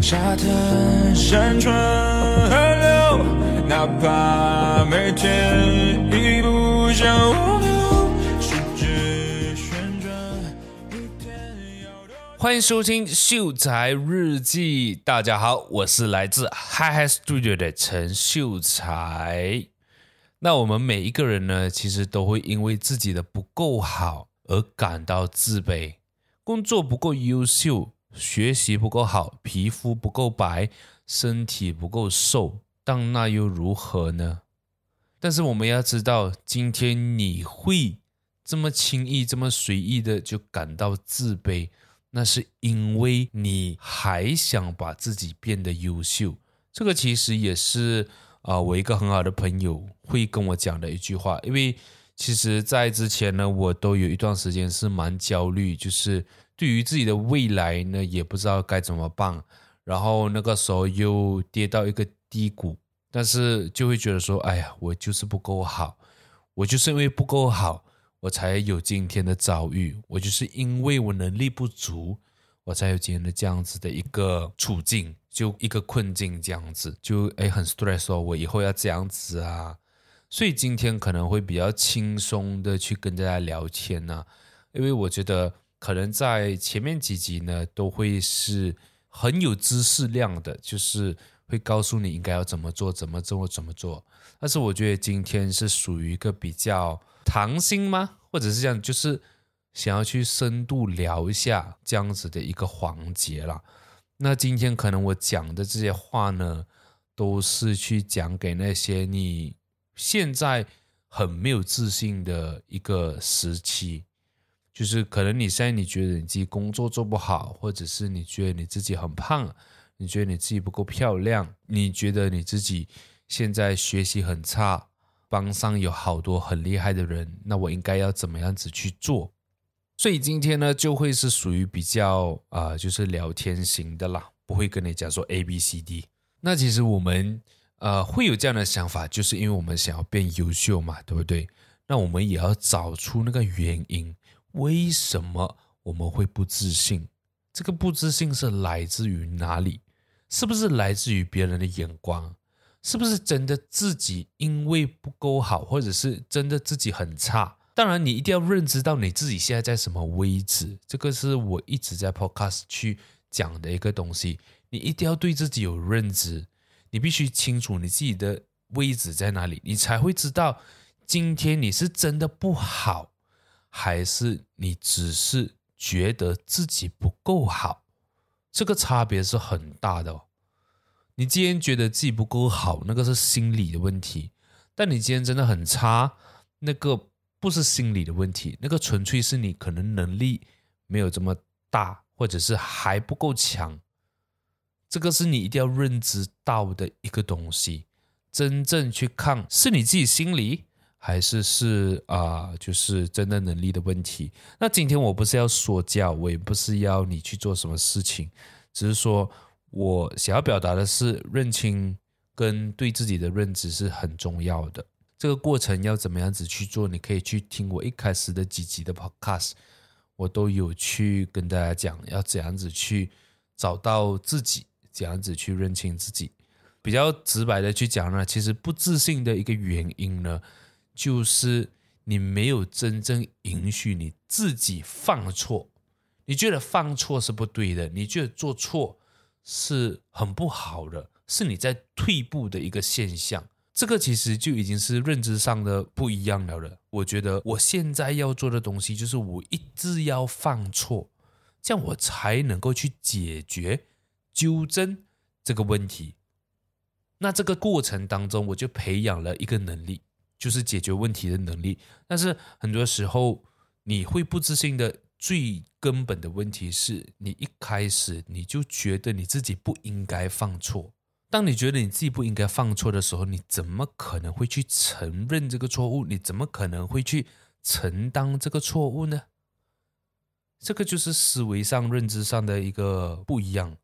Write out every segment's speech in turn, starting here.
旋轉每天有…，歡迎收聽《秀財日記》。大家好，我是來自 Hyhy Studio 的陳秀財。那我們每一個人呢，其實都會因為自己的不夠好而感到自卑，工作不夠優秀。學習不夠好，皮膚不夠白，身體不夠瘦，但那又如何呢？但是我們要知道，今天你會這麼輕易、這麼隨意的就感到自卑，那是因為你還想把自己變得優秀。這個其實也是啊、呃，我一個很好的朋友會跟我講的一句話，因為其實在之前呢，我都有一段時間是蠻焦慮，就是。對於自己的未來呢，也不知道該怎麼辦。然後那個時候又跌到一個低谷，但是就會覺得說：“哎呀，我就是不夠好，我就是因為不夠好，我才有今天的遭遇。我就是因為我能力不足，我才有今天的這樣子的一個處境，就一個困境這樣子。就哎，很 stress 哦，我以後要這樣子啊。所以今天可能會比較輕鬆的去跟大家聊天啊，因為我覺得。”可能在前面幾集呢，都會是很有知識量的，就是會告訴你應該要怎麼做，怎麼做，怎麼做。但是我覺得今天是屬於一個比較談心嗎？或者是這樣，就是想要去深度聊一下這樣子的一個環節啦。那今天可能我講的這些話呢，都是去講給那些你現在很沒有自信的一個時期。就是可能你現在你覺得你自己工作做不好，或者是你覺得你自己很胖，你覺得你自己不夠漂亮，你覺得你自己現在學習很差，班上有好多很厲害的人，那我應該要怎麼樣子去做？所以今天呢，就會是屬於比較啊、呃，就是聊天型的啦，不會跟你講說 A B C D。那其實我們呃會有這樣的想法，就是因為我們想要變優秀嘛，對不對？那我們也要找出那個原因。為什麼我們會不自信？這個不自信是來自於哪裡？是不是來自於別人的眼光？是不是真的自己因為不夠好，或者是真的自己很差？當然，你一定要認知到你自己現在在什麼位置，這個是我一直在 Podcast 去講的一個東西。你一定要對自己有認知，你必須清楚你自己的位置在哪裡，你才會知道今天你是真的不好，還是你只是覺得自己不夠好，這個差別是很大的哦。你既然覺得自己不夠好，那個是心理的問題；但你今天真的很差，那個不是心理的問題，那個純粹是你可能能力沒有這麼大，或者是還不夠強。這個是你一定要認知到的一個東西，真正去看是你自己心理。還是是啊、呃，就是真的能力的問題。那今天我不是要說教，我也不是要你去做什麼事情，只是說我想要表達的是認清跟對自己的認知是很重要的。這個過程要怎麼樣子去做？你可以去聽我一開始的幾集的 Podcast，我都有去跟大家講要怎樣子去找到自己，怎樣子去認清自己。比較直白的去講呢，其實不自信的一個原因呢。就是你沒有真正允許你自己犯錯，你覺得犯錯是不對的，你覺得做錯是很不好的，是你在退步的一個現象。這個其實就已經是認知上的不一樣了了。我覺得我現在要做的東西就是我一直要犯錯，這樣我才能夠去解決、糾正這個問題。那這個過程當中，我就培養了一個能力。就是解決問題的能力，但是很多時候你會不自信的最根本的問題是你一開始你就覺得你自己不應該犯錯。當你覺得你自己不應該犯錯的時候，你怎麼可能會去承認這個錯誤？你怎麼可能會去承擔這個錯誤呢？這個就是思維上、認知上的一個不一樣。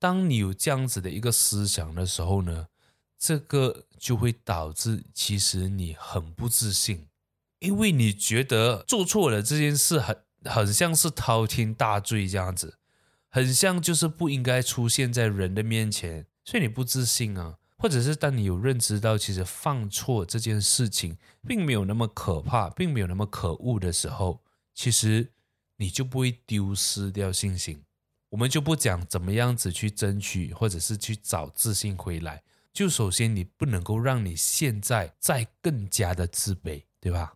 當你有這樣子的一個思想的時候呢，這個就會導致，其實你很不自信，因為你覺得做錯了這件事很很像是滔天大罪這樣子，很像就是不應該出現在人的面前，所以你不自信啊。或者是當你有認知到，其實犯錯這件事情並沒有那麼可怕，並沒有那麼可惡的時候，其實你就不會丟失掉信心。我們就不講怎麼樣子去爭取，或者是去找自信回來。就首先，你不能夠讓你現在再更加的自卑，對吧？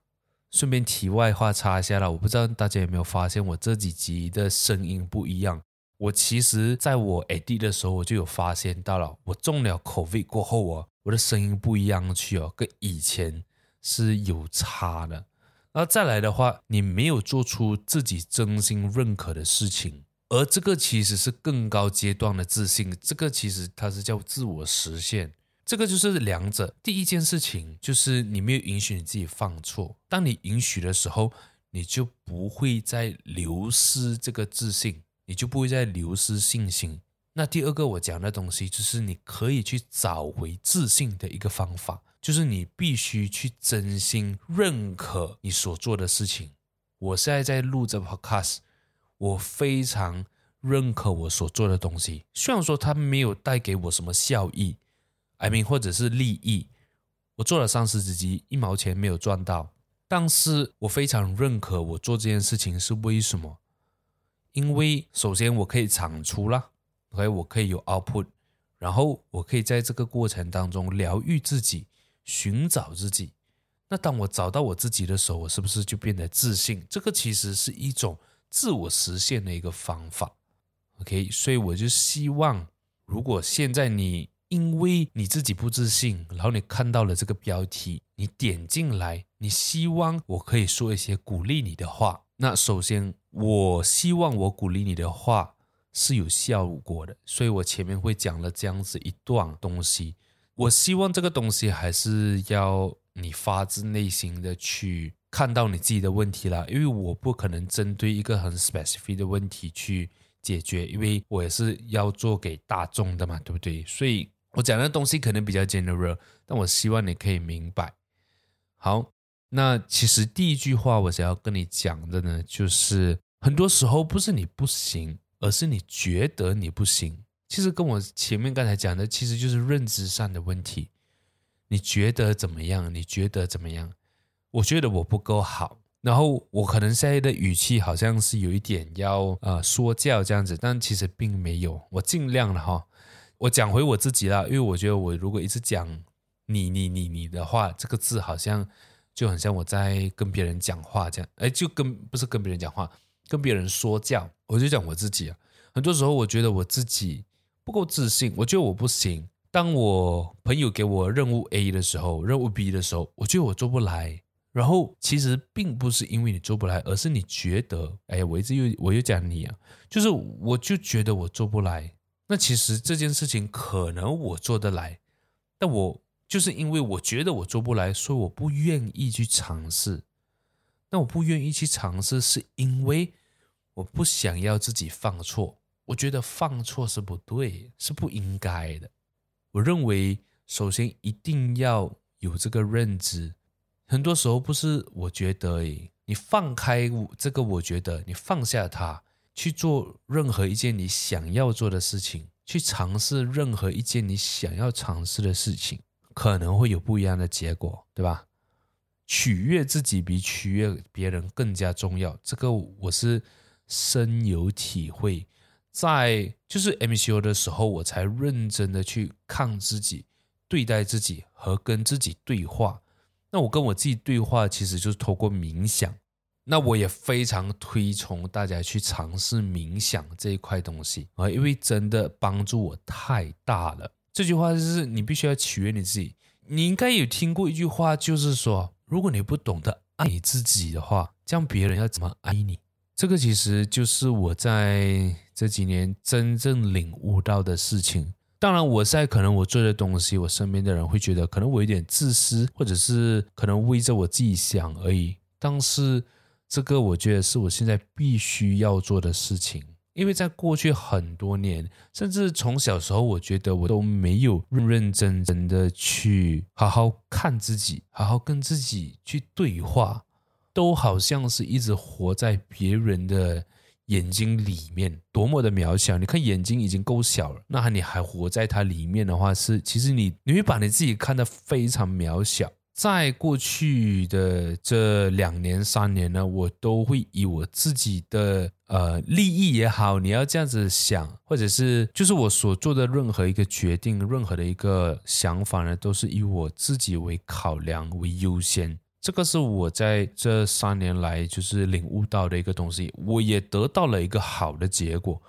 順便題外話插一下了，我不知道大家有沒有發現，我這幾集的聲音不一樣。我其實在我 AD 的時候，我就有發現到了，我中了 COVID 過後啊、哦，我的聲音不一樣去哦，跟以前是有差的。那再來的話，你沒有做出自己真心認可的事情。而這個其實是更高階段的自信，這個其實它是叫自我實現，這個就是兩者。第一件事情就是你沒有允許你自己犯錯，當你允許的時候，你就不會再流失這個自信，你就不會再流失信心。那第二個我講的東西就是你可以去找回自信的一個方法，就是你必須去真心認可你所做的事情。我現在在錄這 Podcast。我非常認可我所做的東西，雖然說它沒有帶給我什麼效益，I mean 或者是利益，我做了三十幾集，一毛錢沒有賺到，但是我非常認可我做這件事情是為什麼？因為首先我可以產出啦，OK，我可以有 output，然後我可以在這個過程當中療愈自己，尋找自己。那當我找到我自己的時候，我是不是就變得自信？這個其實是一種。自我實現的一個方法，OK，所以我就希望，如果現在你因為你自己不自信，然後你看到了這個標題，你點進來，你希望我可以說一些鼓勵你的話。那首先，我希望我鼓勵你的話是有效果的，所以我前面會講了這樣子一段東西，我希望這個東西還是要。你發自內心的去看到你自己的問題啦，因為我不可能針對一個很 specific 的問題去解決，因為我也是要做給大眾的嘛，對不對？所以我講的東西可能比較 general，但我希望你可以明白。好，那其實第一句話我想要跟你講的呢，就是很多時候不是你不行，而是你覺得你不行。其實跟我前面剛才講的，其實就是認知上的問題。你覺得怎麼樣？你覺得怎麼樣？我覺得我不夠好，然後我可能現在的語氣好像是有一點要、呃、說教這樣子，但其實並沒有。我盡量的哈。我講回我自己啦，因為我覺得我如果一直講你你你你的話，這個字好像就很像我在跟別人講話這樣。哎，就跟不是跟別人講話，跟別人說教。我就講我自己啊。很多時候我覺得我自己不夠自信，我覺得我不行。當我朋友給我任務 A 的時候，任務 B 的時候，我覺得我做不來。然後其實並不是因為你做不來，而是你覺得，哎呀，我一直又我又講你啊，就是我就覺得我做不來。那其實這件事情可能我做得來，但我就是因為我覺得我做不來，所以我不願意去嘗試。那我不願意去嘗試，是因為我不想要自己犯錯。我覺得犯錯是不對，是不應該的。我認為，首先一定要有這個認知。很多時候，不是我覺得，哎，你放開這個，我覺得你放下它，去做任何一件你想要做的事情，去嘗試任何一件你想要嘗試的事情，可能會有不一樣的結果，對吧？取悅自己比取悅別人更加重要，這個我是深有體會。在就是 MCO 的時候，我才認真的去看自己、對待自己和跟自己對話。那我跟我自己對話，其實就是透過冥想。那我也非常推崇大家去嘗試冥想這一塊東西啊，因為真的幫助我太大了。這句話就是你必須要取悅你自己。你應該有聽過一句話，就是說，如果你不懂得愛你自己的話，這樣別人要怎麼愛你？這個其實就是我在。這幾年真正領悟到的事情，當然，我現在可能我做的東西，我身邊的人會覺得，可能我有點自私，或者是可能為着我自己想而已。但是，這個我覺得是我現在必須要做的事情，因為在過去很多年，甚至從小時候，我覺得我都沒有認認真真的去好好看自己，好好跟自己去對話，都好像是一直活在別人的。眼睛裡面多麼的渺小，你看眼睛已經夠小了，那你還活在它裡面的話，是其實你你會把你自己看得非常渺小。在過去的這兩年三年呢，我都會以我自己的呃利益也好，你要這樣子想，或者是就是我所做的任何一個決定，任何的一個想法呢，都是以我自己為考量，為優先。這個是我在這三年來就是領悟到的一個東西，我也得到了一個好的結果。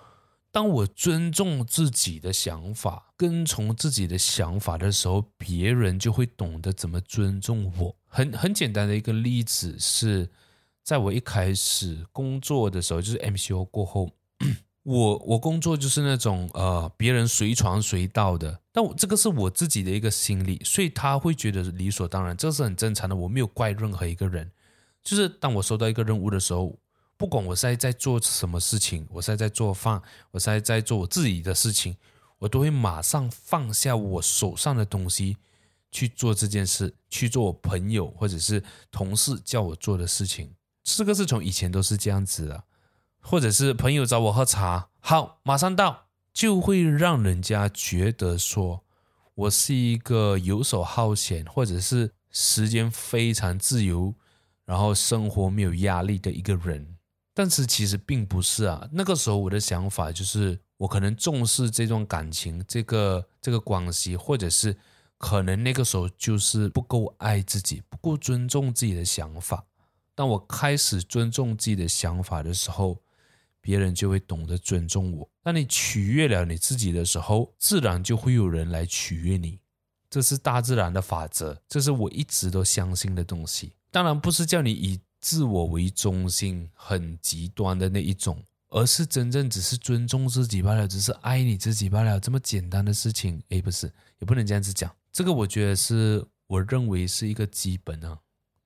當我尊重自己的想法，跟從自己的想法的時候，別人就會懂得怎麼尊重我。很很簡單的一個例子是，在我一開始工作的時候，就是 MCO 過後。我我工作就是那種呃，別人隨傳隨到的，但我這個是我自己的一個心理，所以他會覺得理所當然，這是很正常的。我沒有怪任何一個人，就是當我收到一個任務的時候，不管我現在在做什麼事情，我現在在做飯，我現在在做我自己的事情，我都會馬上放下我手上的東西去做這件事，去做我朋友或者是同事叫我做的事情。這個是從以前都是這樣子的。或者是朋友找我喝茶，好，馬上到，就會讓人家覺得說我是一個遊手好閒，或者是時間非常自由，然後生活沒有壓力的一個人。但是其實並不是啊，那個時候我的想法就是我可能重視這段感情，這個這個關係，或者是可能那個時候就是不夠愛自己，不夠尊重自己的想法。當我開始尊重自己的想法的時候，別人就會懂得尊重我。當你取悅了你自己的時候，自然就會有人來取悅你。這是大自然的法則，這是我一直都相信的東西。當然，不是叫你以自我為中心、很極端的那一種，而是真正只是尊重自己罷了，只是愛你自己罷了，這麼簡單的事情。誒，不是，也不能這樣子講。這個我覺得是我認為是一個基本啊。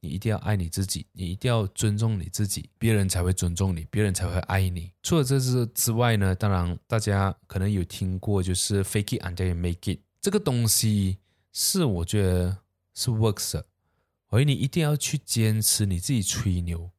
你一定要愛你自己，你一定要尊重你自己，別人才會尊重你，別人才會愛你。除了這些之外呢，當然大家可能有聽過，就是 “fake it until you make it” 這個東西是我覺得是 works 的。所以你一定要去堅持你自己吹牛，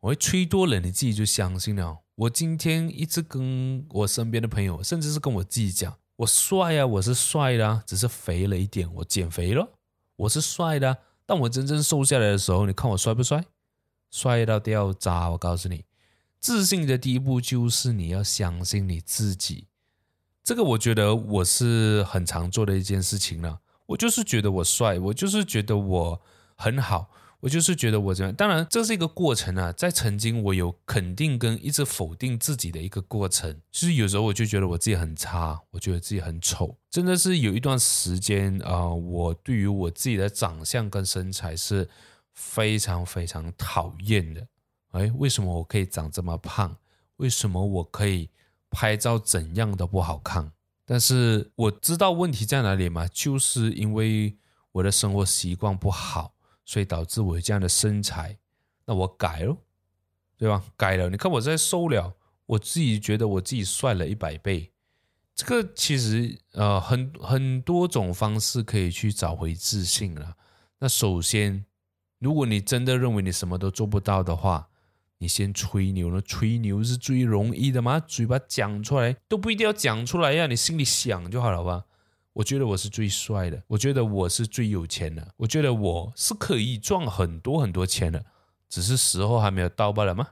我一吹多了你自己就相信了。我今天一直跟我身邊的朋友，甚至是跟我自己講，我帥啊，我是帥的啊，只是肥了一點，我減肥了，我是帥的。當我真正瘦下來的時候，你看我帥不帥？帥到掉渣！我告訴你，自信的第一步就是你要相信你自己。這個我覺得我是很常做的一件事情了、啊。我就是覺得我帥，我就是覺得我很好。我就是覺得我這樣，當然這是一個過程啊，在曾經我有肯定跟一直否定自己的一個過程，就是有時候我就覺得我自己很差，我覺得自己很醜，真的是有一段時間啊、呃，我對於我自己的長相跟身材是非常非常討厭的。哎，為什麼我可以長這麼胖？為什麼我可以拍照怎樣都不好看？但是我知道問題在哪裡嘛，就是因為我的生活習慣不好。所以導致我有這樣的身材，那我改了，對吧？改了，你看我在瘦了，我自己覺得我自己帥了一百倍。這個其實呃，很很多種方式可以去找回自信了。那首先，如果你真的認為你什麼都做不到的話，你先吹牛呢？吹牛是最容易的嘛？嘴巴講出來都不一定要講出來呀、啊，你心裡想就好了吧。我覺得我是最帥的，我覺得我是最有錢的，我覺得我是可以賺很多很多錢的，只是時候還沒有到罷了嗎。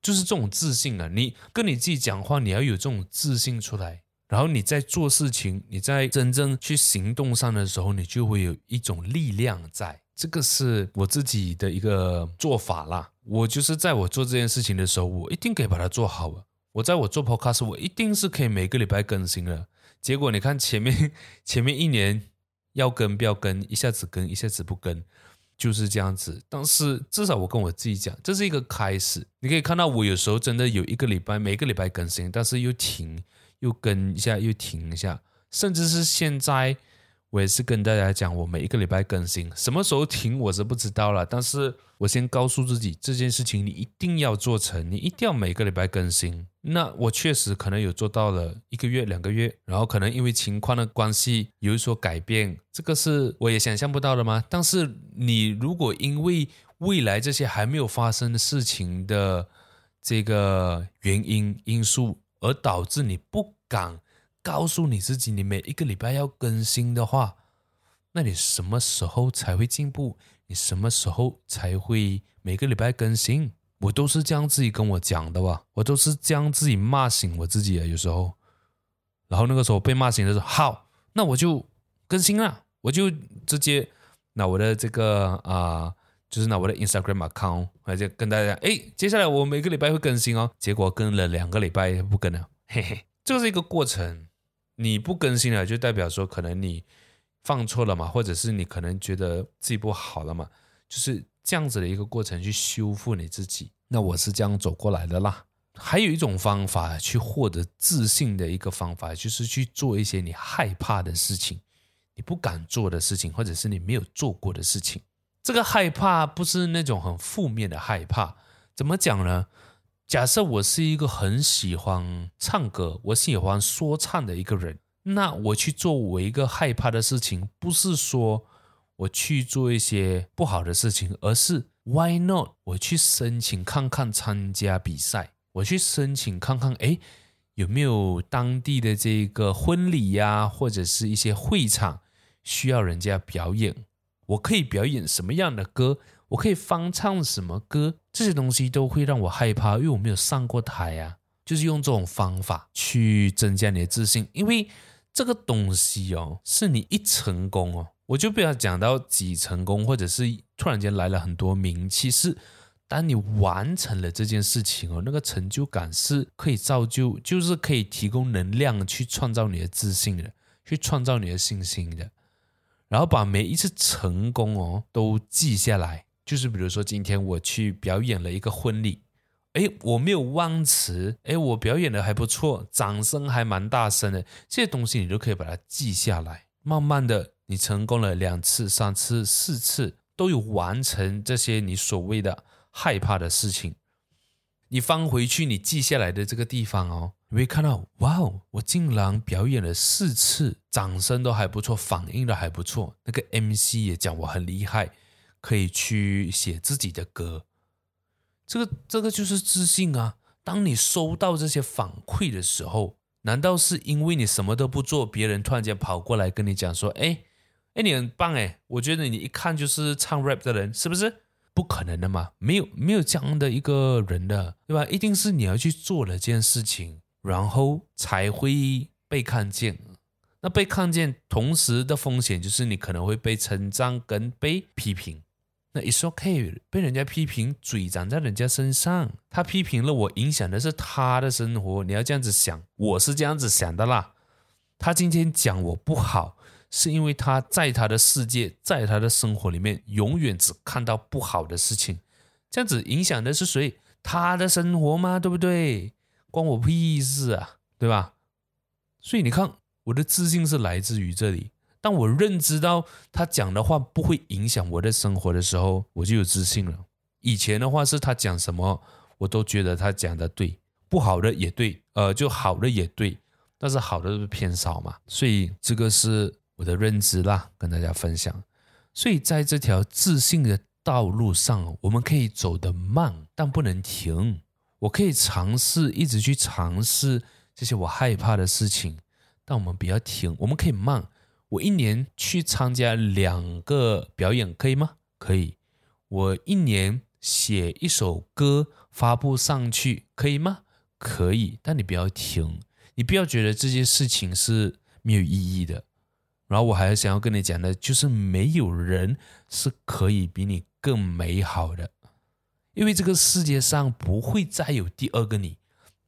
就是這種自信啊，你跟你自己講話，你要有這種自信出來，然後你在做事情，你在真正去行動上的時候，你就會有一種力量在。在這個是我自己的一個做法啦。我就是在我做這件事情的時候，我一定可以把它做好了。我在我做 Podcast，我一定是可以每個禮拜更新的。結果你看前面，前面一年要跟不要跟，一下子跟一下子不跟，就是這樣子。但是至少我跟我自己講，這是一個開始。你可以看到我有時候真的有一個禮拜，每個禮拜更新，但是又停，又跟一下又停一下，甚至是現在。我也是跟大家講，我每一個禮拜更新，什麼時候停我是不知道了。但是我先告訴自己，這件事情你一定要做成，你一定要每個禮拜更新。那我確實可能有做到了一個月、兩個月，然後可能因為情況的關係有所改變，這個是我也想象不到的嘛。但是你如果因為未來這些還沒有發生的事情的這個原因因素，而導致你不敢，告訴你自己，你每一個禮拜要更新的話，那你什麼時候才會進步？你什麼時候才會每個禮拜更新？我都是這樣自己跟我講的吧，我都是這樣自己罵醒我自己啊。有時候，然後那個時候我被罵醒的時候，好，那我就更新了，我就直接拿我的這個啊、呃，就是拿我的 Instagram account，就跟大家講，哎，接下來我每個禮拜會更新哦。結果更了兩個禮拜不更了，嘿嘿，就是一個過程。你不更新了，就代表說可能你放錯了嘛，或者是你可能覺得自己不好了嘛，就是這樣子的一個過程去修復你自己。那我是這樣走過來的啦。還有一種方法去獲得自信的一個方法，就是去做一些你害怕的事情，你不敢做的事情，或者是你沒有做過的事情。這個害怕不是那種很負面的害怕，怎麼講呢？假設我是一個很喜歡唱歌，我喜歡說唱的一個人，那我去做我一個害怕的事情，不是說我去做一些不好的事情，而是 Why not？我去申請看看參加比賽，我去申請看看，哎，有沒有當地的這個婚禮呀，啊，或者是一些會場需要人家表演。我可以表演什麼樣的歌？我可以翻唱什麼歌？這些東西都會讓我害怕，因為我沒有上過台啊。就是用這種方法去增加你的自信，因為這個東西哦，是你一成功哦，我就不要講到幾成功，或者是突然間來了很多名氣，是當你完成了這件事情哦，那個成就感是可以造就，就是可以提供能量去創造你的自信的，去創造你的信心的。然後把每一次成功哦都記下來，就是比如說今天我去表演了一個婚禮，誒，我沒有忘詞，誒，我表演的還不錯，掌聲還蠻大聲的，這些東西你都可以把它記下來。慢慢的，你成功了兩次、三次、四次，都有完成這些你所謂的害怕的事情。你翻回去，你記下來的這個地方哦，你會看到，哇哦，我竟然表演了四次，掌聲都還不錯，反應都還不錯，那個 MC 也講我很厲害，可以去寫自己的歌，這個這個就是自信啊。當你收到這些反饋的時候，難道是因為你什麼都不做，別人突然間跑過來跟你講說，哎，哎，你很棒哎，我覺得你一看就是唱 rap 的人，是不是？不可能的嘛，沒有沒有這樣的一個人的，對吧？一定是你要去做了這件事情，然後才會被看見。那被看見，同時的風險就是你可能會被稱讚跟被批評。那 It's okay，被人家批評，嘴長在人家身上，他批評了我，影響的是他的生活。你要這樣子想，我是這樣子想的啦。他今天講我不好。是因為他在他的世界，在他的生活裡面，永遠只看到不好的事情，這樣子影響的是誰？他的生活嗎？對不對？關我屁事啊，對吧？所以你看，我的自信是來自於這裡。當我認知到他講的話不會影響我的生活的時候，我就有自信了。以前的話是他講什麼，我都覺得他講的對，不好的也對，呃，就好的也對，但是好的都是偏少嘛，所以這個是。我的認知啦，跟大家分享。所以，在這條自信的道路上，我們可以走得慢，但不能停。我可以嘗試一直去嘗試這些我害怕的事情，但我們不要停。我們可以慢。我一年去參加兩個表演，可以嗎？可以。我一年寫一首歌發布上去，可以嗎？可以。但你不要停，你不要覺得這些事情是沒有意義的。然後我還想要跟你講的，就是沒有人是可以比你更美好的，因為這個世界上不會再有第二個你，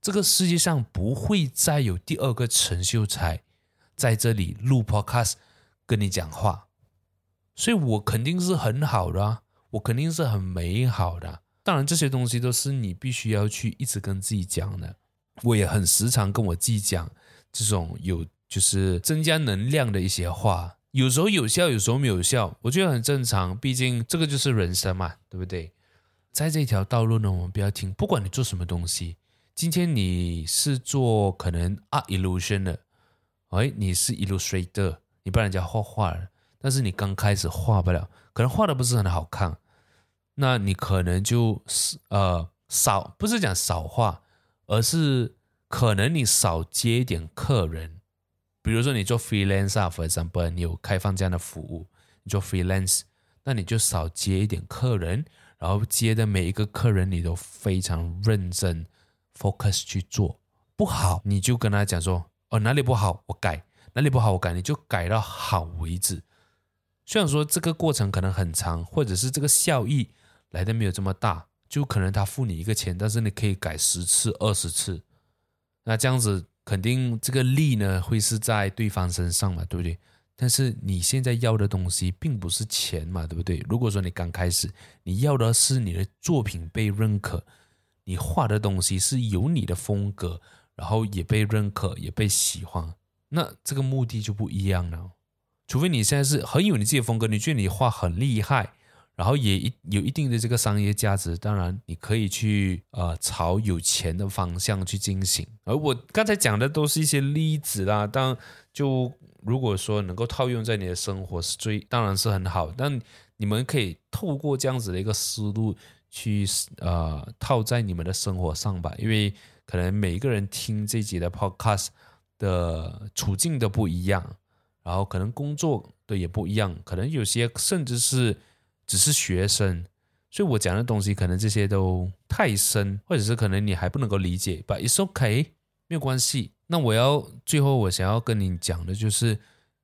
這個世界上不會再有第二個陳秀財在這裡錄 Podcast 跟你講話，所以我肯定是很好的啊，我肯定是很美好的。當然這些東西都是你必須要去一直跟自己講的，我也很時常跟我自己講這種有。就是增加能量的一些話，有時候有效，有時候沒有效，我覺得很正常。畢竟這個就是人生嘛，對不對？在這條道路呢，我們不要聽，不管你做什麼東西。今天你是做可能啊 illustrator 的。o 哎，你是 illustrator，你幫人家畫畫，但是你剛開始畫不了，可能畫的不是很好看，那你可能就是呃少，不是講少畫，而是可能你少接一點客人。比如說，你做 freelancer，for example，你有開放這樣的服務，你做 freelance，那你就少接一點客人，然後接的每一個客人你都非常認真，focus 去做。不好，你就跟他講說，哦，哪裡不好我改，哪裡不好我改，你就改到好為止。雖然說這個過程可能很長，或者是這個效益來的沒有這麼大，就可能他付你一個錢，但是你可以改十次、二十次，那這樣子。肯定這個利呢，會是在對方身上嘛，對不對？但是你現在要的東西並不是錢嘛，對不對？如果說你剛開始你要的是你的作品被認可，你畫的東西是有你的風格，然後也被認可也被喜歡，那這個目的就不一樣了。除非你現在是很有你自己的風格，你覺得你畫很厲害。然後也有一定的這個商業價值，當然你可以去呃朝有錢的方向去進行。而我剛才講的都是一些例子啦，當，就如果說能夠套用在你的生活是最當然是很好。但你們可以透過這樣子的一個思路去呃套在你們的生活上吧，因為可能每個人聽這集的 Podcast 的處境都不一樣，然後可能工作的也不一樣，可能有些甚至是。只是學生，所以我講的東西可能這些都太深，或者是可能你還不能夠理解，but it's okay，沒有關係。那我要最後我想要跟你講的就是，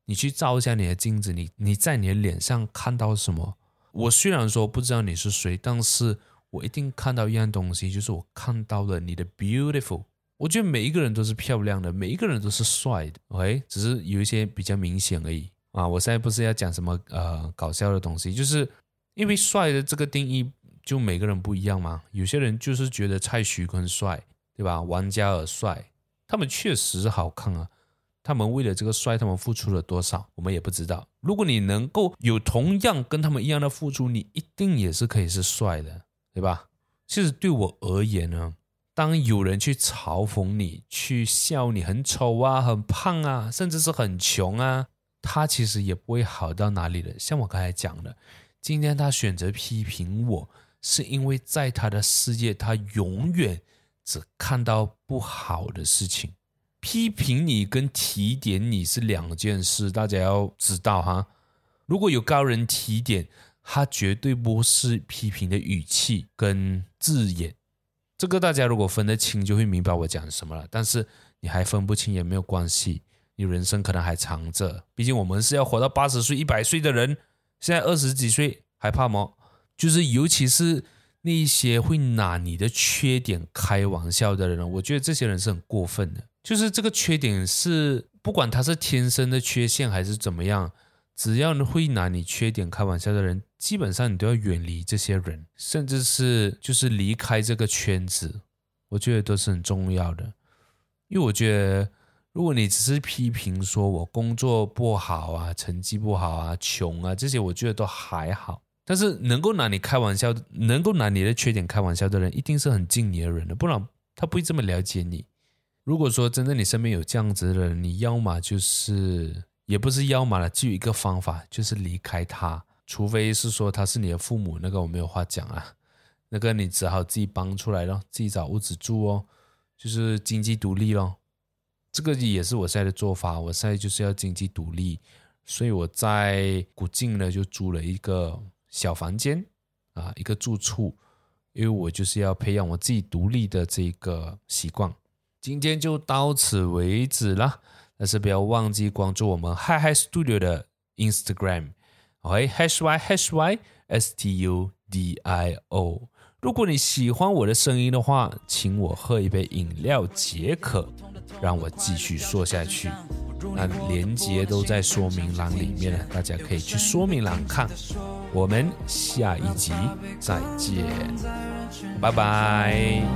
你去照一下你的鏡子，你你在你的臉上看到什麼？我雖然說不知道你是誰，但是我一定看到一樣東西，就是我看到了你的 beautiful。我覺得每一個人都是漂亮的，每一個人都是帥的，okay? 只是有一些比較明顯而已啊。我現在不是要講什麼呃搞笑的東西，就是。因為帥的這個定義，就每個人不一樣嘛。有些人就是覺得蔡徐坤帥，對吧？王嘉爾帥，他們確實好看啊。他們為了這個帥，他們付出了多少，我們也不知道。如果你能夠有同樣跟他們一樣的付出，你一定也是可以是帥的，對吧？其實對我而言呢，當有人去嘲諷你、去笑你很醜啊、很胖啊，甚至是很窮啊，他其實也不會好到哪裡的。像我剛才講的。今天他選擇批評我，是因為在他的世界，他永遠只看到不好的事情。批評你跟提點你是兩件事，大家要知道哈。如果有高人提點，他絕對不是批評的語氣跟字眼。這個大家如果分得清，就會明白我講什麼了。但是你還分不清也沒有關係，你人生可能還長着，畢竟我們是要活到八十歲、一百歲的人。現在二十幾歲還怕嗎？就是尤其是那些會拿你的缺點開玩笑的人，我覺得這些人是很過分的。就是這個缺點是不管他是天生的缺陷還是怎麼樣，只要你會拿你缺點開玩笑的人，基本上你都要遠離這些人，甚至是就是離開這個圈子，我覺得都是很重要的。因為我覺得。如果你只是批評說我工作不好啊，成績不好啊、窮啊，這些我覺得都還好。但是能夠拿你開玩笑、能夠拿你的缺點開玩笑的人，一定是很敬你的人的，不然他不會這麼了解你。如果說真的你身邊有這樣子的人，你要嘛就是，也不是要嘛了，只有一個方法，就是離開他。除非是說他是你的父母，那個我沒有話講啊，那個你只好自己搬出來咯，自己找屋子住哦，就是經濟獨立咯。這個也是我現在的做法，我現在就是要經濟獨立，所以我在古晉呢就租了一個小房間啊，一個住處，因為我就是要培養我自己獨立的這個習慣。今天就到此為止啦，但是不要忘記關注我們嗨嗨 studio 的 Instagram，喂 H Y H Y S T U D I O。如果你喜歡我的聲音的話，請我喝一杯飲料解渴，讓我繼續說下去。那連接都在說明欄裡面了，大家可以去說明欄看。我們下一集再見，拜拜。